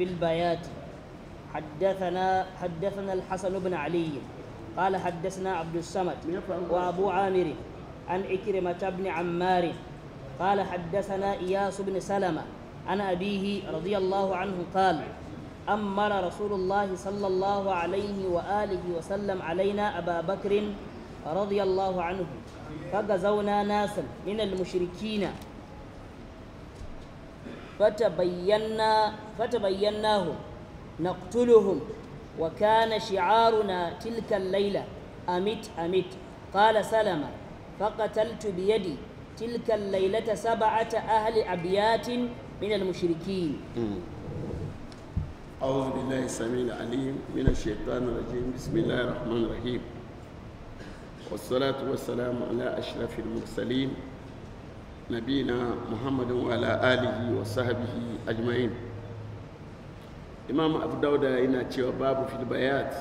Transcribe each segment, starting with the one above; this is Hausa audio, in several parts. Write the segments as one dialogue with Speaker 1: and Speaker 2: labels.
Speaker 1: في البيات حدثنا حدثنا الحسن بن علي قال حدثنا عبد الصمد وابو عامر عن عكرمة بن عمار قال حدثنا إياس بن سلمة عن أبيه رضي الله عنه قال أمر رسول الله صلى الله عليه وآله وسلم علينا أبا بكر رضي الله عنه فغزونا ناسا من المشركين فتبينا فتبيناهم نقتلهم وكان شعارنا تلك الليلة أمت أمت قال سلمة فقتلت بيدي تلك الليلة سبعة أهل أبيات من المشركين
Speaker 2: أعوذ بالله السميع العليم من الشيطان الرجيم بسم الله الرحمن الرحيم والصلاة والسلام على أشرف المرسلين نبينا محمد وعلى آله وصحبه أجمعين إمام أبو dauda yana cewa babu fil bayat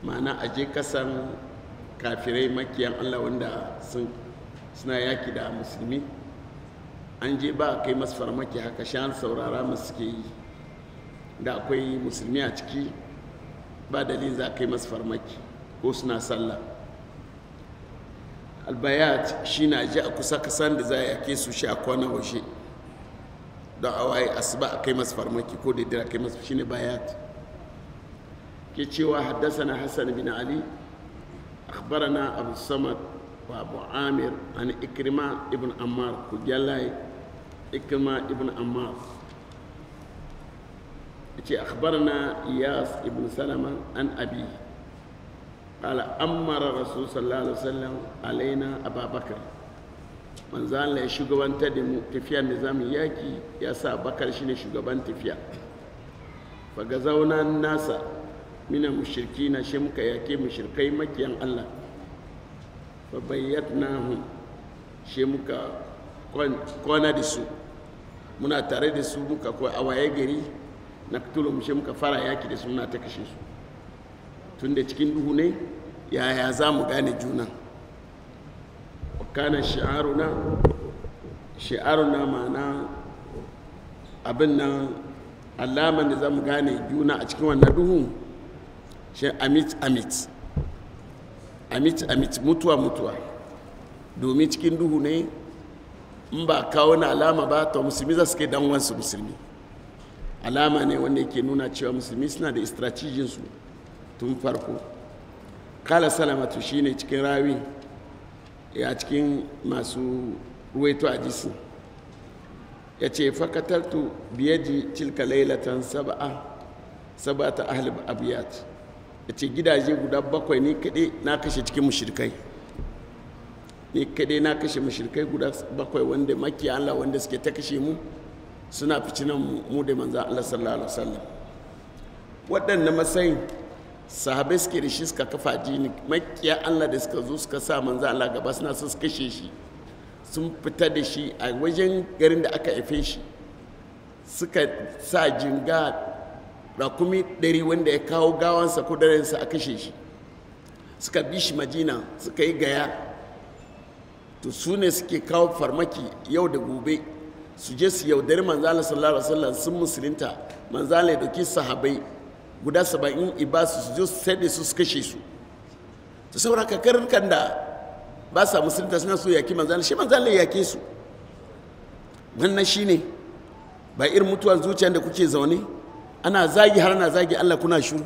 Speaker 2: ma'ana aje kasan kafirai makiyan Allah wanda sun suna yaki da musulmi an je ba kai masu farmaki haka shan saurara masu suke yi da akwai musulmi a ciki ba dalilin za kai masu farmaki ko suna sallah albayat shi na ji a kusa kasan da za a yake su shi a kwana washe don a waye asuba a kai masu farmaki ko daidai a kai masu shi ne bayat ke cewa haddasa na hassan bin ali akhbarana abu samad wa abu amir an ikrima ibn ammar ku gyalaye ikrima ibn ammar ce akhbarana iyas ibn salama an abi قال أمر الرسول صلى الله عليه وسلم علينا أبا بكر من زال لا شغبان تدم تفيا نظام ياكي يا يسا بكر شين شغبان تفيا فغزونا الناس من المشركين شمك ياكي مشركي مكيان الله فبيتناهم شمك كون da su muna tare da su muka kuwa a waye gari na kutulum shi muka fara tun da cikin duhu ne yaya za mu gane juna kana shi'aruna shi'aruna ma'ana abin nan alaman da za mu gane juna a cikin wannan duhu shi amit amit amit amit mutuwa mutuwa domin cikin duhu ne in ba kawo na alama ba to musulmi za su kai dan wansu musulmi alama ne wanda ke nuna cewa musulmi suna da strateginsu tun farko kala salamatu shine cikin rawi ya cikin masu ruwaito a jisi ya ce fakatartu biyaji cilka lailatan saba'a sabata ahlib abiyat ya ce gidaje guda bakwai ni kaɗai na kashe cikin mushirkai ni kaɗai na kashe mushirkai guda bakwai wanda makiya Allah wanda suke ta kashe mu suna ficinan mu da manzan Allah sallallahu alaihi wasallam waɗannan matsayin sahabai suke da shi suka kafa jini makiya allah da suka zo suka sa manzo allah gaba suna so su kashe shi sun fita da shi a wajen garin da aka haife shi suka sa jinga rakumi ɗari wanda ya kawo gawansa ko darensa a kashe shi suka bi shi majina suka yi gaya to su ne suke kawo farmaki yau da gobe su je su yaudari manzala sallallahu alaihi wasallam sun musulunta allah ya doki sahabai guda saba'in ibasu su zo su sai da su su kashe su su saura kan da ba sa musulunta suna so yaki manzana shi manzana yake su wannan shi ne ba irin mutuwar zuciya da kuke zaune ana zagi har na zagi allah kuna shuru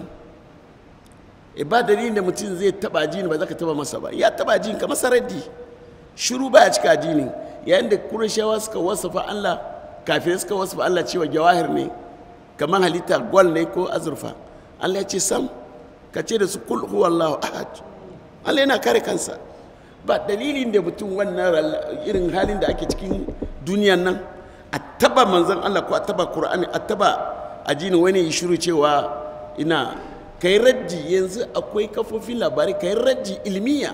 Speaker 2: e eh, ba dalilin da mutum zai taba jini ba za ka taba masa ba ya taba jini kamar saradi shuru ba ya cika jini yayin da kurashawa suka fa allah kafin suka fa allah cewa jawahir ne kamar halitta gwal ne ko azurfa allah ya ce sam ka ce da su kul huwallahu ahad allah yana kare kansa ba dalilin da mutum wannan irin halin da ake cikin duniyan nan a taba manzan allah ko a taba qur'ani a taba ajini wani ya shiru cewa ina kai rajji yanzu akwai kafofin labarai kai rajji ilmiya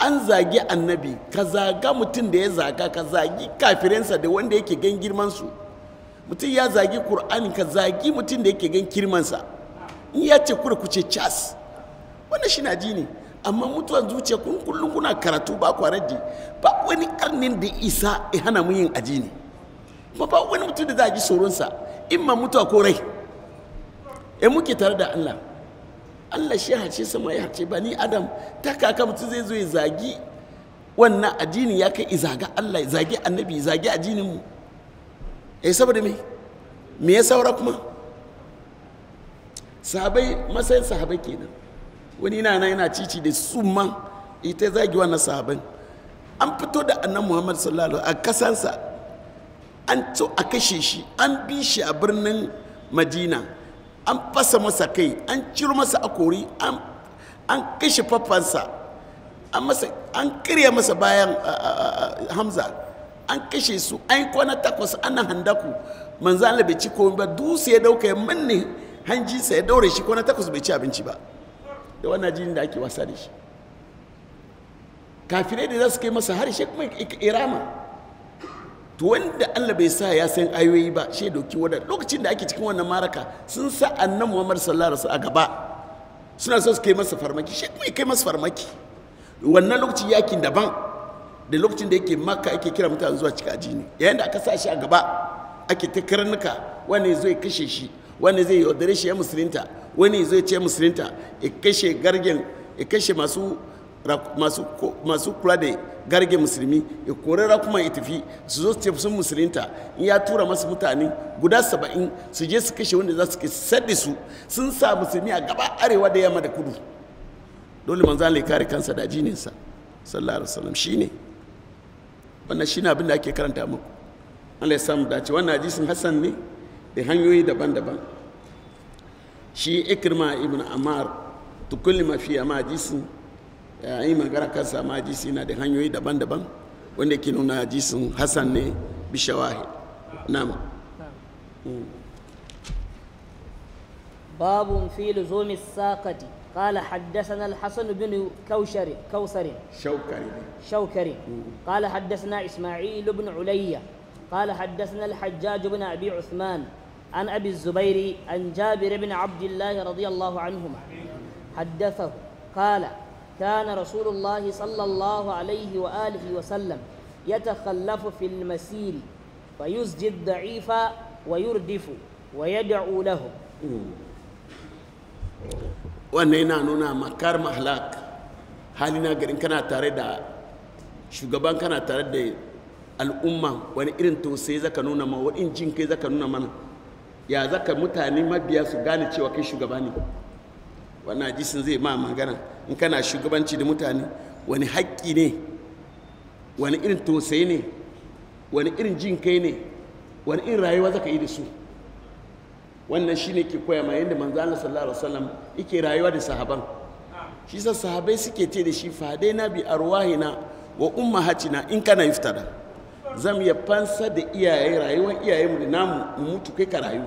Speaker 2: an zagi annabi ka zaga mutum da ya zaga ka zagi kafirensa da wanda yake gan girman su mutum ya zagi kur'ani ka zagi mutum da yake gan kirmansa in ya ce kura ku cas wannan shi na ji ne amma mutuwan zuciya kun kullum kuna karatu ba kwa raddi ba wani karnin da isa ya hana mu yin aji ne ba ba wani mutum da zagi tsoronsa in ma mutuwa ko rai ya eh, muke tare da Allah Allah shi harce sama ya harce ba ni adam ta kaka mutum zai zo ya zagi wannan addini ya kai zaga Allah zagi annabi zagi addinin mu E saboda me me ya saura kuma sahabai matsayin sahabai kenan wani na nan yana cici da su ma ita zagi na sahabai an fito da annan muhammad sallallahu a kasansa an to a kashe shi an bi shi a birnin madina an fasa masa kai an ciro masa akori an kashe fafansa an kirya masa bayan hamza an kashe su an yi kwana takwas ana handaku manzo Allah bai ci komai ba dusa ya dauka ya manne hanji sa ya daure shi kwana takwas bai ci abinci ba da wannan jinin da ake wasa da shi kafirai da za su kai masa shek kuma irama to wanda Allah bai sa ya san ayoyi ba shi doki wadda lokacin da ake cikin wannan maraka sun sa annan Muhammad sallallahu alaihi wasallam a gaba suna so su kai masa farmaki shi kuma kai masa farmaki wannan lokacin yakin daban da lokacin da yake maka ake kira mutane zuwa cika ajini yayin da aka sa shi a gaba ake ta karnuka wani zai kashe shi wani zai yaudare shi ya musulunta wani zai ce musulunta ya kashe gargen ya kashe masu masu kula da garge musulmi ya kore rakuma ya tafi su zo su ce sun musulunta in ya tura masu mutane guda saba'in su je su kashe wanda za su ke sadda su sun sa musulmi a gaba arewa da yamma da kudu dole manzo Allah ya kare kansa da jininsa sallallahu alaihi wasallam shine wannan na abin da ake karanta muku Allah ya samu dace wannan hadisin Hassan ne da hanyoyi daban-daban shi Ikrima ibn amar tukullima fi ma hadisin ya yi magana kansa amma na da hanyoyi daban-daban wanda ke nuna hadisin Hassan ne bi shawahid na'am
Speaker 1: babun fi luzumi saqati قال حدثنا الحسن بن كوشري كوثري شوكري شوكري قال حدثنا إسماعيل بن عليا قال حدثنا الحجاج بن أبي عثمان عن أبي الزبير عن جابر بن عبد الله رضي الله عنهما حدثه قال كان رسول الله صلى الله عليه وآله وسلم يتخلف في المسير فيسجي الضعيف ويردف ويدعو له
Speaker 2: wannan yana nuna makar mahalak hali na garin kana tare da shugaban kana tare da al'umma wani irin tausayi zaka nuna ma wani jin kai zaka nuna mana ya zaka mutane mabiya su gane cewa kai shugaba ne wannan hadisin zai ma magana in kana shugabanci da mutane wani haƙƙi ne wani irin tausayi ne wani irin jin kai ne wani irin rayuwa zaka yi da su wannan shine ke koya ma yadda manzo Allah sallallahu alaihi wasallam yake rayuwa da sahaban shi sa sahabai suke ce da shi fadai na bi arwahina wa ummahatina in kana iftada zam ya fansa da iyaye rayuwar iyaye da namu mu mutu kai ka rayu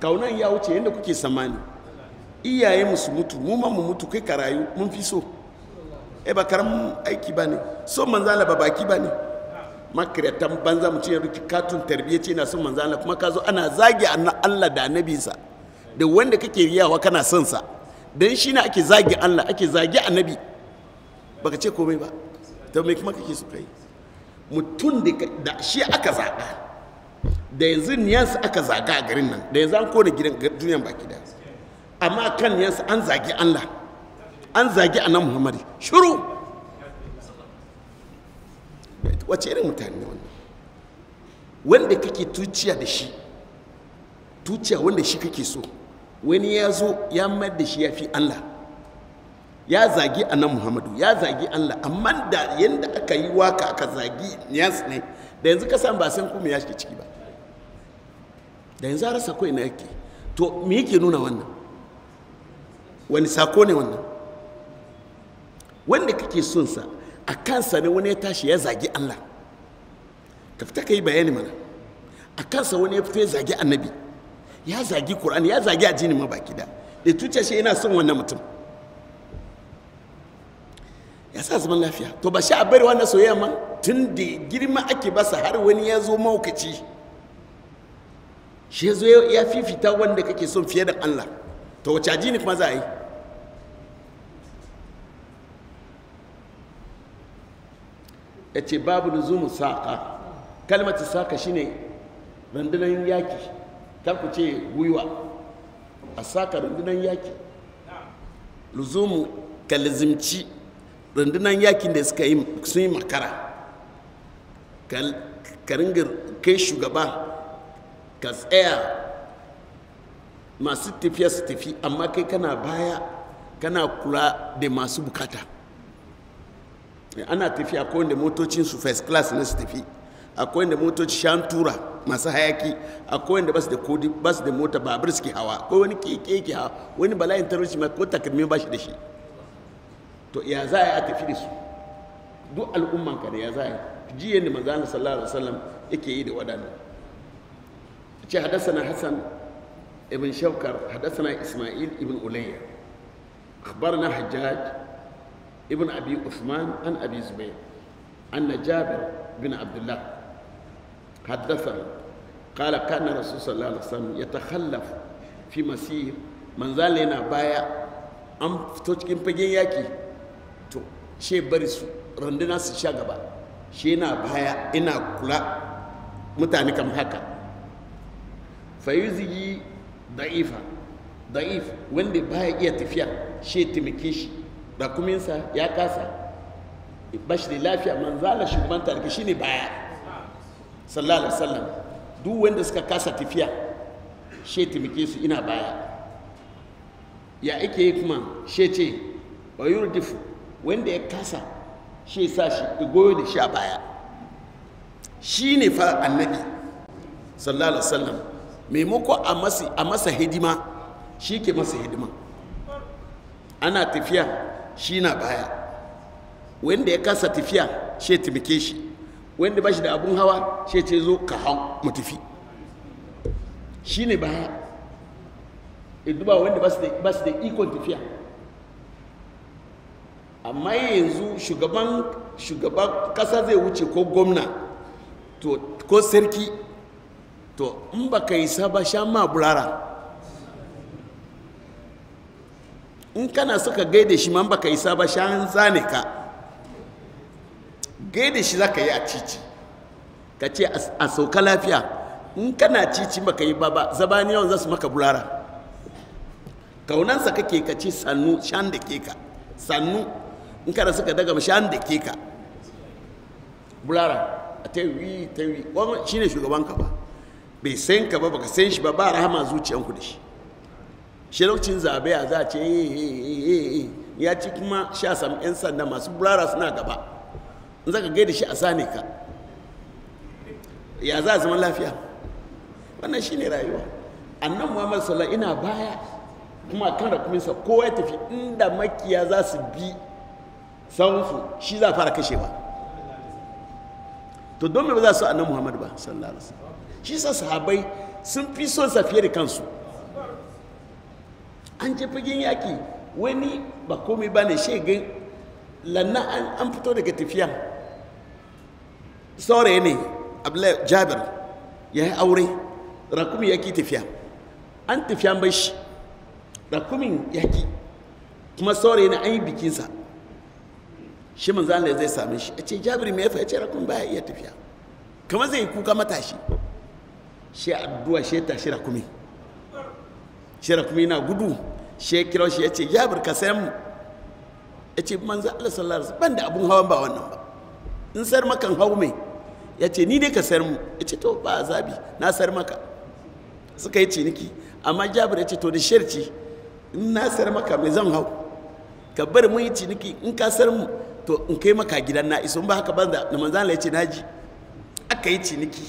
Speaker 2: kaunan ya wuce yadda kuke samani iyaye mu su mutu mu ma mu mutu kai ka rayu mun fi so e ba karamin aiki bane so manzala ba baki bane makiratan banza mutum ya riki katun tarbiyya ce na son manzana kuma ka zo ana zagi Allah da annabinsa da wanda kake riyawa kana son sa dan shi ne ake zagi Allah ake zagi annabi baka ce komai ba to me kuma kake so kai mutum da shi aka zaga da yanzu niyansa aka zaga a garin nan da yanzu an kone gidan duniyan baki da amma kan niyansa an zagi Allah an zagi annabi Muhammad shiru wace irin mutane ne wannan wanda kake tuciya da shi tuciya wanda shi kake so wani ya zo ya mayar da shi ya fi Allah ya zagi annan muhammadu ya zagi Allah amma da yadda aka yi waka aka zagi niyas ne da yanzu ka san ba san kuma ya shi ciki ba da yanzu har sa kawai na yake to me yake nuna wannan wani sako ne wannan wanda kake son sa a kansa ne wani ya tashi ya zagi Allah ka fita ka yi bayani mana a kansa wani ya fito ya zagi annabi ya zagi Kur'ani ya zagi ajini ma baki da da tuce shi yana son wannan mutum ya sa zaman lafiya to ba shi a bari wannan soyayya ma tun da girma ake basa har wani ya zo maukaci shi ya zo ya fifita wanda kake son fiye da Allah to wace ajini kuma za a yi ya ce babu luzumu saƙa kalmata saƙa shine rundunar yaki ta ku ce gwiwa a saƙa rundunar yaki luzumu kalizimci rundunar yakin da suka yi sun yi makara ka kai shugaba ka tsaya masu tafiya su tafi amma kai kana baya kana kula da masu bukata ana tafiya akwai wanda motocin su first class ne su tafi akwai wanda motoci shan tura masu hayaki akwai wanda basu da kodi basu da mota babur suke hawa akwai wani keke yake hawa wani bala'in talauci ma ko takalmi ba shi da shi to ya za a tafi da su duk al'umman ka da ya za a yi ne manzo Allah sallallahu alaihi wasallam yake yi da wadanda ce hadathana hassan ibn shawkar hadathana isma'il ibn ulayya na hajjaj ibn abi usman an abi zubair anna jabir bin abdullah حدثنا قال كان الرسول صلى الله عليه وسلم يتخلف في مسير من an fito cikin fagen yaki to she bari su randuna su sha gaba she na baya ina kula mutane kam haka fayuzi da'ifa da'if wanda baya iya tafiya she taimake shi rakuminsa ya kasa bashi da lafiya manzala shugaban shi shine baya sallallahu alaihi wasallam duk wanda suka kasa tafiya she taimake su ina baya ya ake yi kuma she ce wa yurdifu wanda ya kasa she sa shi goyo da shi a baya shine fa annabi sallallahu alaihi wasallam maimako a masa a masa hidima shi ke masa hidima ana tafiya shi na baya wanda ya kasa tafiya shi taimake shi wanda ba shi da abun hawa shi ce zo ka hau mu tafi shi ne baya iduba wanda ba su da ikon tafiya amma yanzu shugaban shugaban kasa zai wuce ko gwamna ko sarki to in ba ka yi saba sha ma burara in kana suka gaida shi man baka isa ba shan zane ka gaida shi zaka yi a cici ka ce a sauka lafiya in kana cici baka yi ba ba zabani yawan zasu maka bulara kaunansa kake ka ce sannu shan da ke ka sannu in kana suka daga ma shan da ke ka bulara a ta yi ta yi wani shine shugaban ka ba bai san ka ba baka san shi ba ba rahama zuciyanku da shi shi lokacin zabe a za a ce eh, eh, eh, ya ci kuma sha sami 'yan sanda masu burara suna gaba in zaka gaida shi a sane ka ya za a zama lafiya wannan shi ne rayuwa annan muhammad Sallar, ina baya kuma kan rakuminsa kowa ya tafi inda makiya za su bi sahunsu shi za a fara kashewa to don me ba za su annan muhammad ba sallallahu alaihi wasallam shi sa sahabai sun fi son sa fiye da kansu an je yaki wani ba komai ba ne an fito daga tafiya saurayi ne abdullahi jabir ya yi aure rakumi ya ki tafiya an tafiya bai shi rakumin ya ki kuma saurayi ne an yi bikinsa shi manzo zai same shi ya ce jabir me ya ya ce rakumi baya iya tafiya kamar zai kuka matashi shi addu'a shi tashi rakumi shi rakumi na gudu shi ya kira shi ya ce jabir ka sayan mu ya ce manzo Allah sallallahu alaihi ban da abun hawan ba wannan ba in sayar makan hau mai ya ce ni dai ka sayar mu ya ce to ba zabi na sayar maka suka yi ciniki amma jabir ya ce to da sharci in na sayar maka mai zan hau ka bar mu yi ciniki in ka sayar mu to in kai maka gidan na iso ba haka banza da manzan Allah ya ce naji aka yi ciniki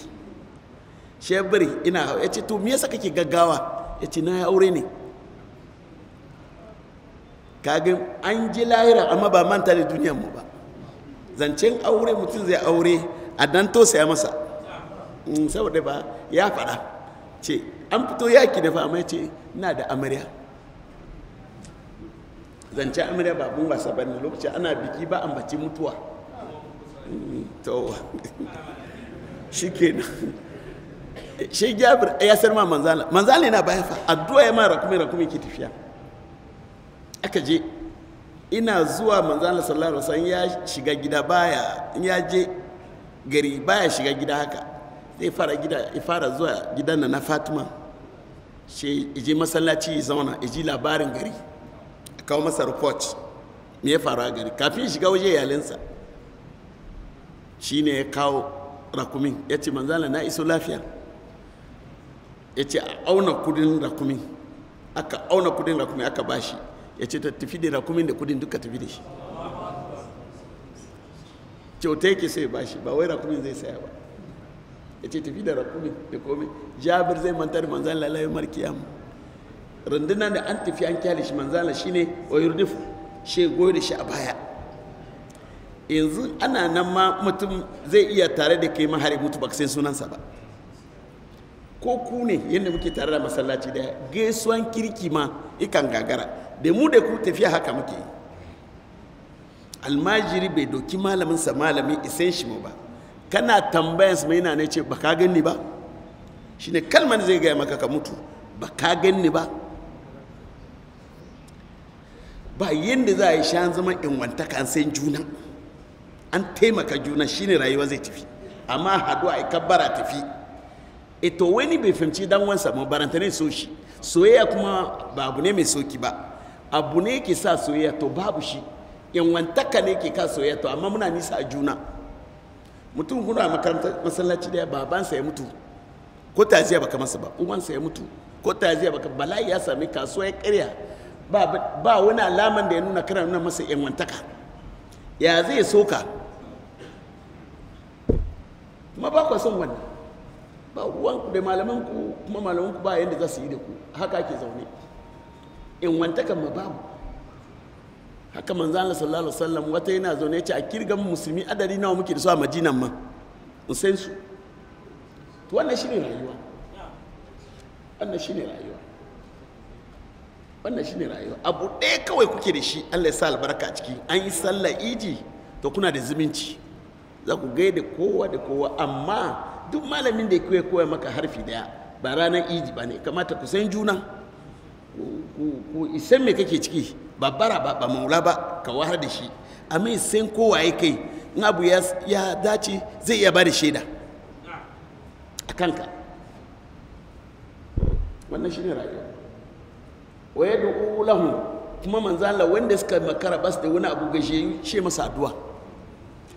Speaker 2: shebiri ina hau ya ce to me yasa kake gaggawa ya ce na aure ne kagin an ji lahira amma ba manta da duniyar mu ba zancen aure mutum zai aure a dan sai masa mm, saboda ba ya faɗa ce an fito yaki da fama ce na da amarya zancen amarya ba mun wasa ba ne lokaci ana biki ba ambaci mutuwa mm, to shi shi jabir ya sarma ma manzala manzala yana baya fa addu'a ya ma kuma rakumi ke tafiya aka je ina zuwa manzana sallallahu alaihi wasallam ya shiga gida baya in ya je gari baya shiga gida haka zai fara gida ya fara zuwa gidan na fatima she je masallaci ya zauna iji labarin gari a kawo masa report me ya faru a gari kafin shiga waje iyalinsa shine ya kawo rakumin ya ce manzana na iso lafiya ya ce a auna kudin rakumin aka auna kudin rakumin aka bashi ya ce ta tafi da rakumin da kudin duka tafi da shi kyauta yake sai ba shi ba wai rakumin zai saya ba ya ce tafi da rakumin da komai jabir zai manta da manzan markiya mu runduna da an tafi an kyale shi manzala shi ne oyurdifu shi goyi da shi a baya yanzu ana nan ma mutum zai iya tare da kai mahari mutu ba sai sunansa ba ko ku ne yadda muke tare da masallaci daya gaisuwan kirki ma ikan gagara da mu da ku tafiya haka muke almajiri bai doki malamin sa malami isan ba kana tambayan sa mai na ne ce baka ganni ba shine kalman zai gaya maka ka mutu baka ganni ba ba yadda za a yi shan zama inwantaka kan san juna an taimaka juna shine rayuwa zai tafi amma haɗu a kabbara tafi ito wani bai fahimci dan wansa mabaranta ne so shi soyayya kuma ba abu ne mai soki ba abu ne ke sa soyayya to babu shi wantaka ne ke ka soyayya to amma muna nisa a juna mutum kuna makaranta masallaci daya babansa ya mutu ko taziya baka masa ba uwansa ya mutu ko taziya baka bala'i ya sami kasuwa ya karya ba, wani alaman da ya nuna kana nuna masa wantaka? ya zai soka kuma ba ku son wannan ba ruwanku da malamanku kuma malamanku ba yadda za su yi da ku haka ke zaune in wantakan mu babu haka manzo Allah sallallahu alaihi wasallam wata yana zaune ya ce a kirgan musulmi adadi nawa muke da su a Madinan ma in san su to wannan shine rayuwa wannan shine rayuwa wannan shine rayuwa abu ɗaya kawai kuke da shi Allah ya sa albarka a ciki an yi sallar iji to kuna da zumunci za ku da kowa da kowa amma duk malamin da ya koya maka harfi daya ba ranar iji ba ne kamata ku san juna ku isan me kake ciki ba bara ba ba maula ba ka wahar da shi amma isan kowa ya kai in abu ya dace zai iya bada shaida a kanka wannan shi ne rayuwa wa yad'u ulahu kuma manzo Allah wanda suka makara bas da wani abu gashi ce masa addu'a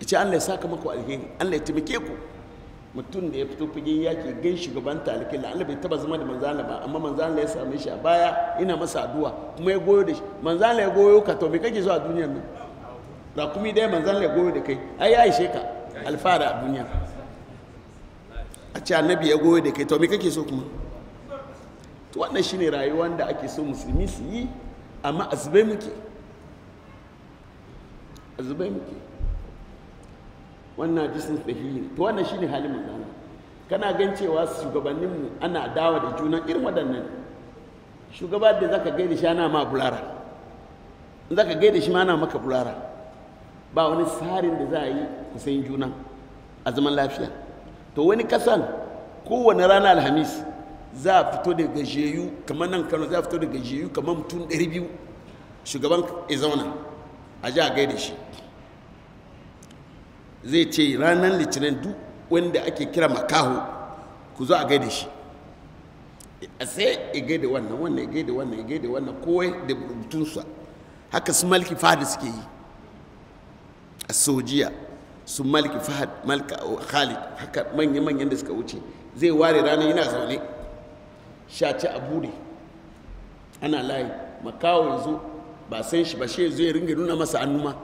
Speaker 2: ce Allah ya saka maku alheri Allah ya taimake ku mutum da ya fito fagen yaki gan shugaban talikai la bai taba zama da manzana ba amma manzana ya same shi a baya ina masa addu'a kuma ya goyo da shi manzana ya goyo ka to me kake zuwa duniyar nan rakumi dai manzana ya goyo da kai ai ya ishe ka alfara a duniya a ce annabi ya goyo da kai to me kake so kuma to wannan shine rayuwar da ake so musulmi su yi amma azubai muke azubai muke wannan hadisin sahihi to wannan shine halin manzo kana gan cewa shugabanninmu ana dawa da juna irin waɗannan shugaba da zaka gaida shi ana ma bulara in gai gaida shi ma ana maka bulara ba wani tsarin da za a yi kusan juna a zaman lafiya to wani kasan kowane rana alhamis za a fito da gajiyayu kamar nan kano za a fito da gajiyayu kamar mutum 200 shugaban ya zauna a ji a gaida shi zai ce ranar litinin duk wanda ake kira makaho ku zo a gaida shi a sai ya gaida wannan wannan ya gaida wannan ya gaida wannan kowai da rubutunsa haka su malki fahad suke yi a sojiya su malki fahad malka khalid haka manya-manyan da suka wuce zai ware ranar yana zaune sha ci a bude ana layi makawo yanzu ba san shi ba shi zai ringa nuna masa annuma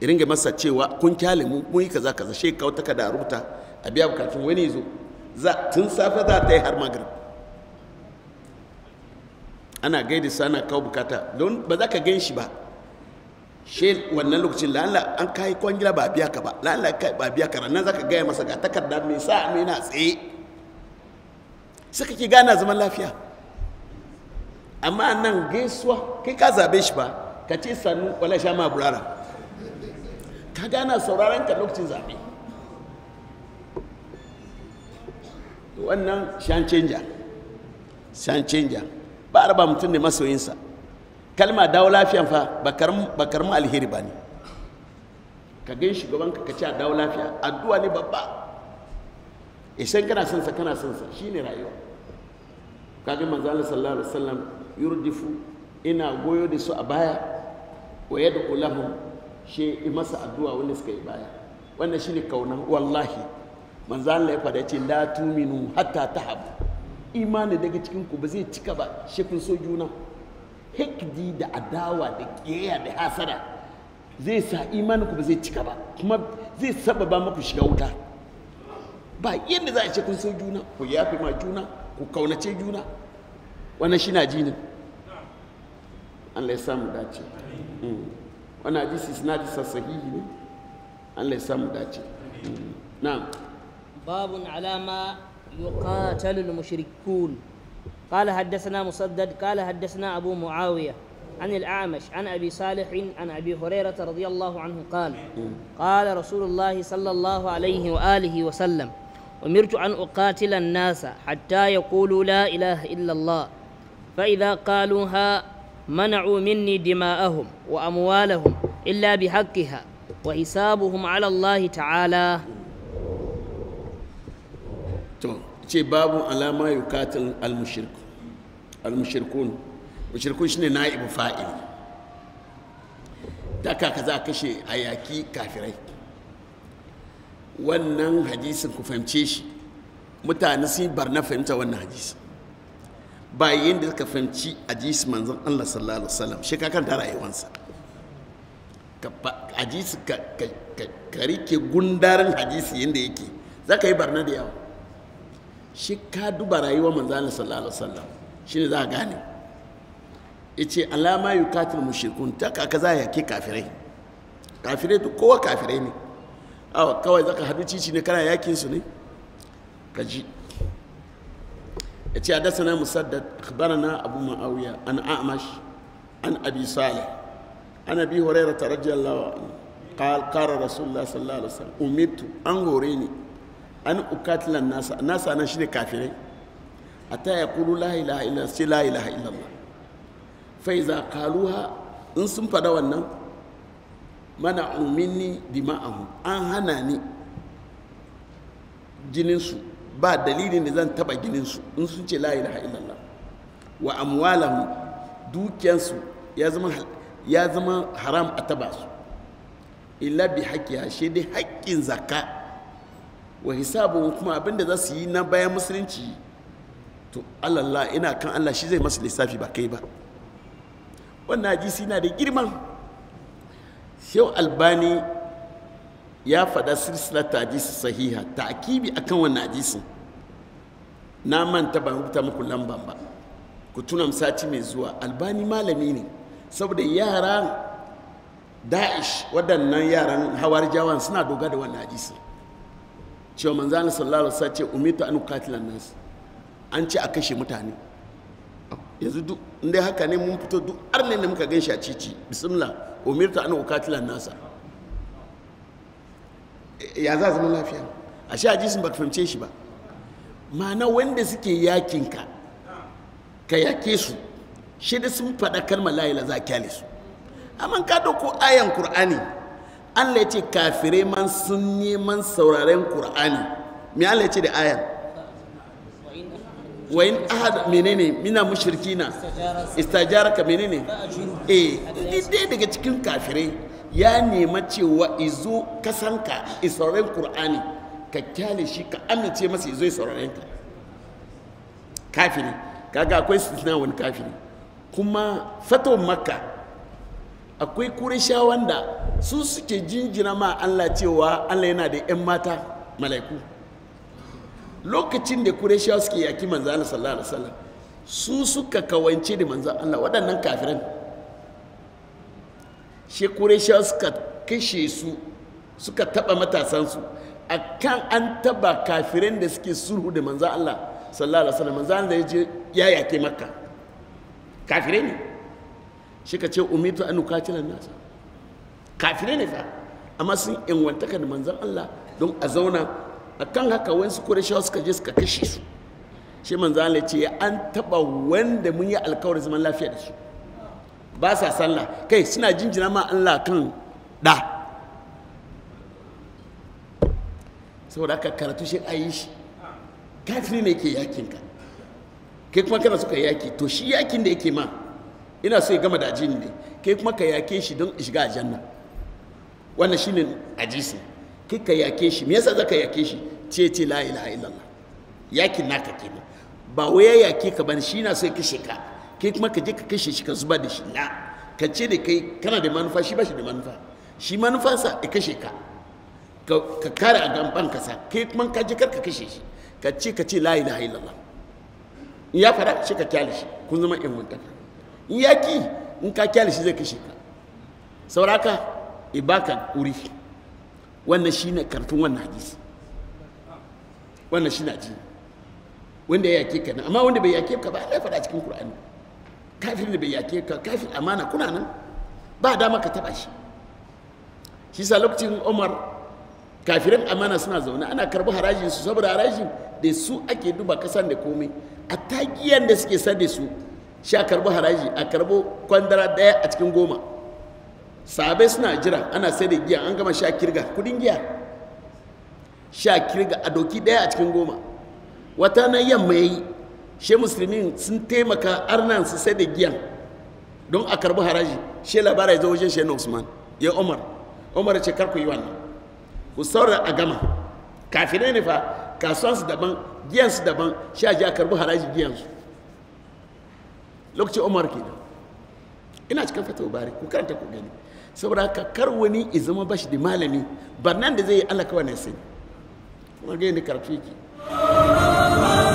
Speaker 2: iringa masa cewa kun kyale mu mun yi kaza kaza shi kawo takarda a rubuta a biya bukatun wani zo za tun safe za ta yi har magrib ana gaida su ana kawo bukata don ba za ka gan shi ba she wannan lokacin la'alla an kai kwangila ba biya ka ba la'alla kai ba biya ka ranar za ka gaya masa ga takarda mai sa mai na tsaye sai kake gana zaman lafiya amma nan gaisuwa kai ka zabe shi ba ka ce sannu wala sha ma burara ka gana sauraron ka lokacin zaɓe wannan shan canja shan canja ba a raba mutum da masoyinsa kalma dawo lafiya fa ba mu alheri ba ne ka gan gaban ka ci a dawo lafiya addu'a ne babba isan kana son sa kana son sa shine rayuwa kaga manzo Allah sallallahu alaihi wasallam yurdifu ina goyo da su a baya wa yad'u lahum shi yi masa addu'a wanda suka yi baya wannan shine kaunan wallahi manzo Allah ya fada ce la tuminu hatta tahabu imani daga cikin ku ba zai cika ba shi so juna hikdi da adawa da kiyaya da hasada zai sa imani ku ba zai cika ba kuma zai sababa maku shiga wuta ba yadda za a ce so juna ku yafi ma juna ku kaunace juna wannan shi na jinin Allah ya samu dace. Mm. wannan hadisi sinadi sa sahihi ne Allah ya samu dace na'am
Speaker 1: babun alama yuqatalu al-mushrikun قال حدثنا مسدد قال حدثنا أبو معاوية عن الأعمش عن أبي صالح عن أبي هريرة رضي الله عنه قال قال رسول الله صلى الله عليه وآله وسلم أمرت أن أقاتل الناس حتى يقولوا لا إله إلا الله فإذا قالوها منعوا مني دماءهم وأموالهم إلا بحقها وحسابهم على الله تعالى
Speaker 2: ce babu alama yukatil almushirku almushirkun mushirkun shine na'ibu fa'il ta kaka za kashe hayaki kafirai wannan hadisin ku fahimce shi mutane sun bar na fahimta wannan hadisin bayan da suka fahimci hadisi manzon Allah sallallahu alaihi wasallam shi kakan da rayuwarsa hadisi ka rike gundarin hadisi yadda yake za ka yi barna da yawa shi ka duba rayuwar manzana sallallahu sallam shi ne za a gane ce alama katin mushrikun ta kaka za a yake kafirai kafirai to kowa kafirai ne awa kawai za ka hadu cici ne kana yakin su ne ka ji dasa na musaddad barna abu ma'auya an a'mash an abi salih ana bi huraira ta rajiyallahu anhu qal qara rasulullah sallallahu alaihi wasallam umitu an hore ni an ukatlan nasa nasa nan shine kafirai ya yaqulu la ilaha illa shi la ilaha illa allah fa iza qaluha in sun fada wannan mana umini dima'ahu an hana ni jinin su ba dalilin da zan taba jinin su in sun ce la ilaha illa allah wa amwalahum dukiyansu ya zama ya zama haram a taba su illa bi a shi dai haƙƙin zakka wa hisabu kuma abinda za su yi na bayan musulunci to Allah ina kan Allah shi zai masu lissafi ba kai ba wannan hadisi na da girman shehu albani ya faɗa silsila ta hadisi sahiha ta akibi kan wannan hadisin na manta ban rubuta muku lamban ba ku tuna sati mai zuwa albani malami ne saboda yara da'ish waɗannan yaran hawar jawan suna doga da wannan hadisi cewa manzan sallallahu alaihi wasallam ce umitu an qatilan nas an ce a kashe mutane yanzu duk inda haka ne mun fito duk arnin da muka gan shi a cici bismillah umirtu an qatilan nasa ya za zama lafiya a sha hadisin baka fahimce shi ba ma'ana wanda suke yakin ka ka yake su shi da sun faɗa kalmar la ilaha za su amma ka dauko ayan qur'ani Allah ya ce kafirai man sun neman sauraren qur'ani me Allah ya ce da ayan wa in ahad menene mina mushrikina istajaraka menene eh dai daga cikin kafirai ya nema cewa izo kasanka isauraren qur'ani ka kyale shi ka amince masa izo isauraren ka kafiri kaga akwai sunna wani kafiri kuma fato makka akwai kurisha wanda su suke jinjina ma allah cewa allah yana da 'yan mata mala'iku lokacin da kurisha suke yaki manzo allah sallallahu alaihi wasallam su suka kawance da manzo allah waɗannan kafiran shi kurisha suka kashe su suka taba matasansu akan an taba kafiran da suke sulhu da manzo allah sallallahu alaihi wasallam manzo allah ya ya yake makka kafirai ne shi ka ce umitu an nukatilan nasa kafirai ne fa amma sun ingantaka da manzan Allah don a zauna a kan haka wani su kure shawar suka je suka kashe su shi manzan Allah ce an taba wanda mun yi alkawarin zaman lafiya da su ba sa sallah kai suna jinjina ma Allah kan da saboda aka karatu shi a yi shi kafiri ne ke yakinka kai kuma kana suka yaki to shi yakin da yake ma ina so ya gama da ajini ne kai kuma ka yake shi don shiga aljanna wannan ne ajisi kai ka yake shi me yasa zaka yake shi ce ce la ilaha illallah yakin naka kenan ba wai ya yake ka bane shi na so ya kashe ka kai kuma ka je ka kashe shi ka zuba da shi na ka ce da kai kana da manufa shi ba shi da manufa shi manufansa ya kashe ka ka kare a gamban kasa kai kuma ka je kar ka kashe shi ka ce ka ce la ilaha illallah ya fara shi ka kyale shi kun zama in wanta in ya ki in ka kyale shi zai kashe ka sauraka ibaka uri wannan shi ne karfin wannan hadisi wannan shi na ji wanda ya yake ka nan amma wanda bai yake ka ba ya fara cikin Qur'ani Kafin da bai yake ka kafin amana kuna nan ba dama ka taba shi shi sa lokacin Umar kafirin amana suna zaune ana karbi harajin su saboda harajin da su ake duba kasan da komai a tagiyan da suke sade su shi a karbi haraji a karbo kwandara daya a cikin goma sahabai suna jira ana sai da giya an gama sha kirga kudin giya sha kirga a doki daya a cikin goma wata na yamma ya yi shi musulmin sun taimaka arnan su sai da giyan don a karbi haraji shi labara ya zo wajen shi usman ya umar umar ce kar ku yi wannan ku saura a gama kafinai ne fa kasuwansu daban giyansu daban sha ji a karbi haraji giyansu lokacin umar da ina cikin fata bari ku karanta ku gani saboda ka kar wani izama bashi da malami nan da zai yi allah kawai na kuma gani karfi ke